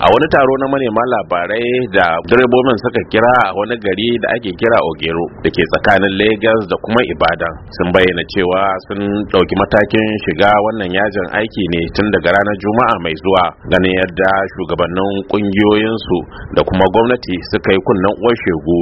a wani taro na manema labarai da direbobin suka kira a wani gari da ake kira ogero da ke tsakanin lagos da kuma ibadan sun bayyana cewa sun ɗauki matakin shiga wannan yajin aiki ne tun daga ranar juma'a mai zuwa ganin yadda shugabannin ƙungiyoyinsu da kuma gwamnati suka yi kunnen uwar shegu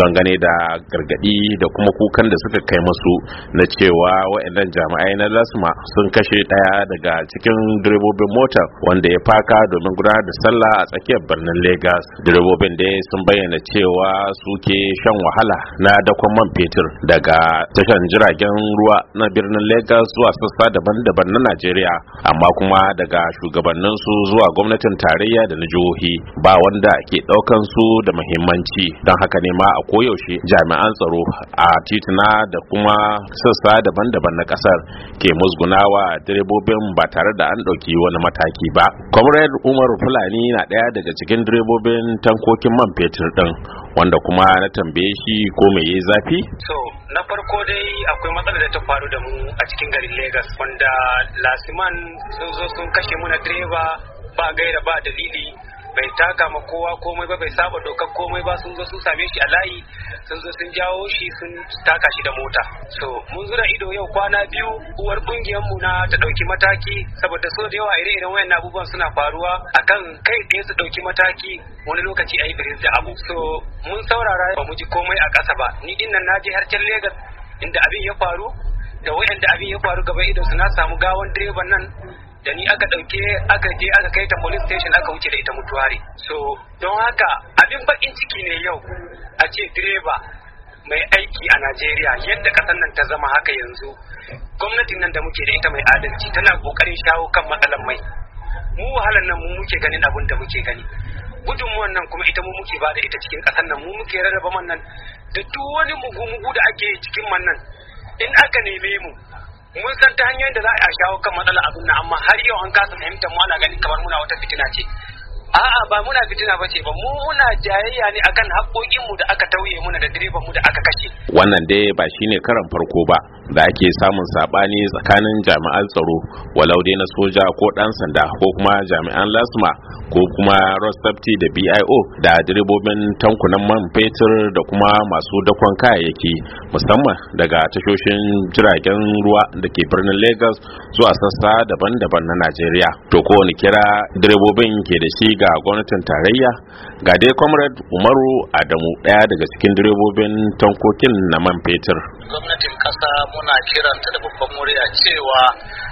don gane da gargadi da kuma kukan da suka kai musu na cewa waɗannan jami'ai na lasma sun kashe ɗaya daga cikin direbobin motar wanda ya faka domin gudanar da sallah matsala a tsakiyar birnin Legas. Direbobin dai sun bayyana cewa suke shan wahala na dakon man fetur daga tashan jiragen ruwa na birnin Legas zuwa sassa daban-daban na Najeriya, amma kuma daga shugabannin su zuwa gwamnatin tarayya da na jihohi ba wanda ke ɗaukan su da muhimmanci. Don haka ne ma a koyaushe jami'an tsaro a tituna da kuma sassa daban-daban na ƙasar ke musgunawa direbobin ba tare da an ɗauki wani mataki ba. comrade umaru fulani na ɗaya daga cikin direbobin tankokin man fetur ɗin wanda kuma na tambaye shi ko me yayi zafi so na farko dai akwai matsala da ta faru da mu a cikin garin lagos wanda lasiman sun zo sun kashe muna direba ba gaira ba dalili bai taka ma kowa komai ba bai saba dokar komai ba sun zo sun same shi a layi sun zo sun jawo shi sun taka shi da mota so mun zura ido yau kwana biyu uwar kungiyar mu na ta dauki mataki saboda so da yawa ire-iren wayannan abubuwan suna faruwa akan kai tsaye su dauki mataki wani lokaci a yi da abu so mun saurara ba mu ji komai a ƙasa ba ni din nan naje har can Legas inda abin ya faru da wayanda abin ya faru gaba idan su na samu gawan direban nan da ni aka ɗauke aka je aka kai ta police station aka wuce da ita mutuware so don haka abin bakin ciki ne yau a ce direba mai aiki a Najeriya yadda kasan nan ta zama haka yanzu gwamnatin nan da muke da ita mai adalci tana kokarin shawo kan matsalan mai mu wahalan nan mu muke ganin abin da muke gani gudunmuwan nan kuma ita mu muke ba da ita cikin kasan nan mu muke rarraba man nan da duk wani mugu-mugu da ake cikin man nan in aka neme mu mun san ta hanyar da za a shawo kan matsala abin nan amma har yau an kasa fahimtar mu ana ganin kamar muna wata fitina ce a'a ba muna fitina bace ba mu muna jayayya ne akan haƙoƙin mu da aka tauye muna da direban mu da aka kashe wannan dai ba shine karan farko ba da ake samun sabani tsakanin jami'an tsaro walau dai na soja ko ɗan sanda ko kuma jami'an lasma ko kuma rostafti da bio da direbobin tankunan man fetur da kuma masu dakon kayayyaki musamman daga tashoshin jiragen ruwa da ke birnin lagos zuwa sassa daban-daban na najeriya to kowane kira direbobin ke da shi ga gwamnatin tarayya ga dai comrade umaru adamu daya daga cikin direbobin tankokin na man fetur gwamnatin kasa muna kiranta da babban murya cewa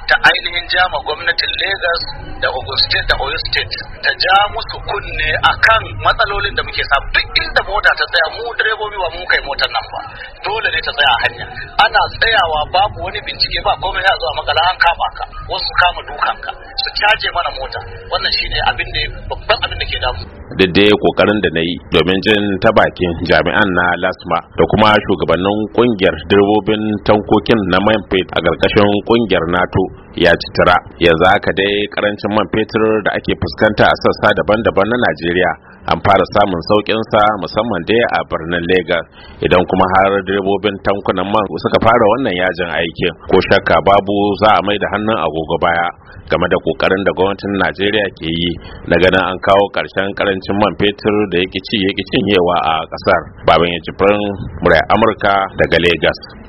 ta ainihin jama gwamnatin lagos da ogun state da oyo state ta ja musu kunne akan matsalolin da muke samu duk inda mota ta tsaya mu direbobi ba mu kai motar nan ba dole ne ta tsaya a hanya ana tsayawa babu wani bincike ba komai ya zuwa makala an kama ka wasu kama dukan ka su mana mota wannan shine abin da babban abin da ke damu duk kokarin da na yi domin jin ta bakin jami'an na lasma da kuma shugabannin kungiyar direbobin tankokin na man fetur a ƙarƙashin kungiyar nato ya ci tara yanzu haka dai karancin man fetur da ake fuskanta a sassa daban-daban na najeriya an fara samun saukin sa musamman dai a birnin Legas idan kuma har direbobin tankunan man suka fara wannan yajin aikin ko shakka babu za a mai da hannun agogo baya game da kokarin da gwamnatin Najeriya ke yi na ganin an kawo karshen karancin man fetur da yake ci yake cinyewa a kasar baban ya jibrin murai Amurka daga Legas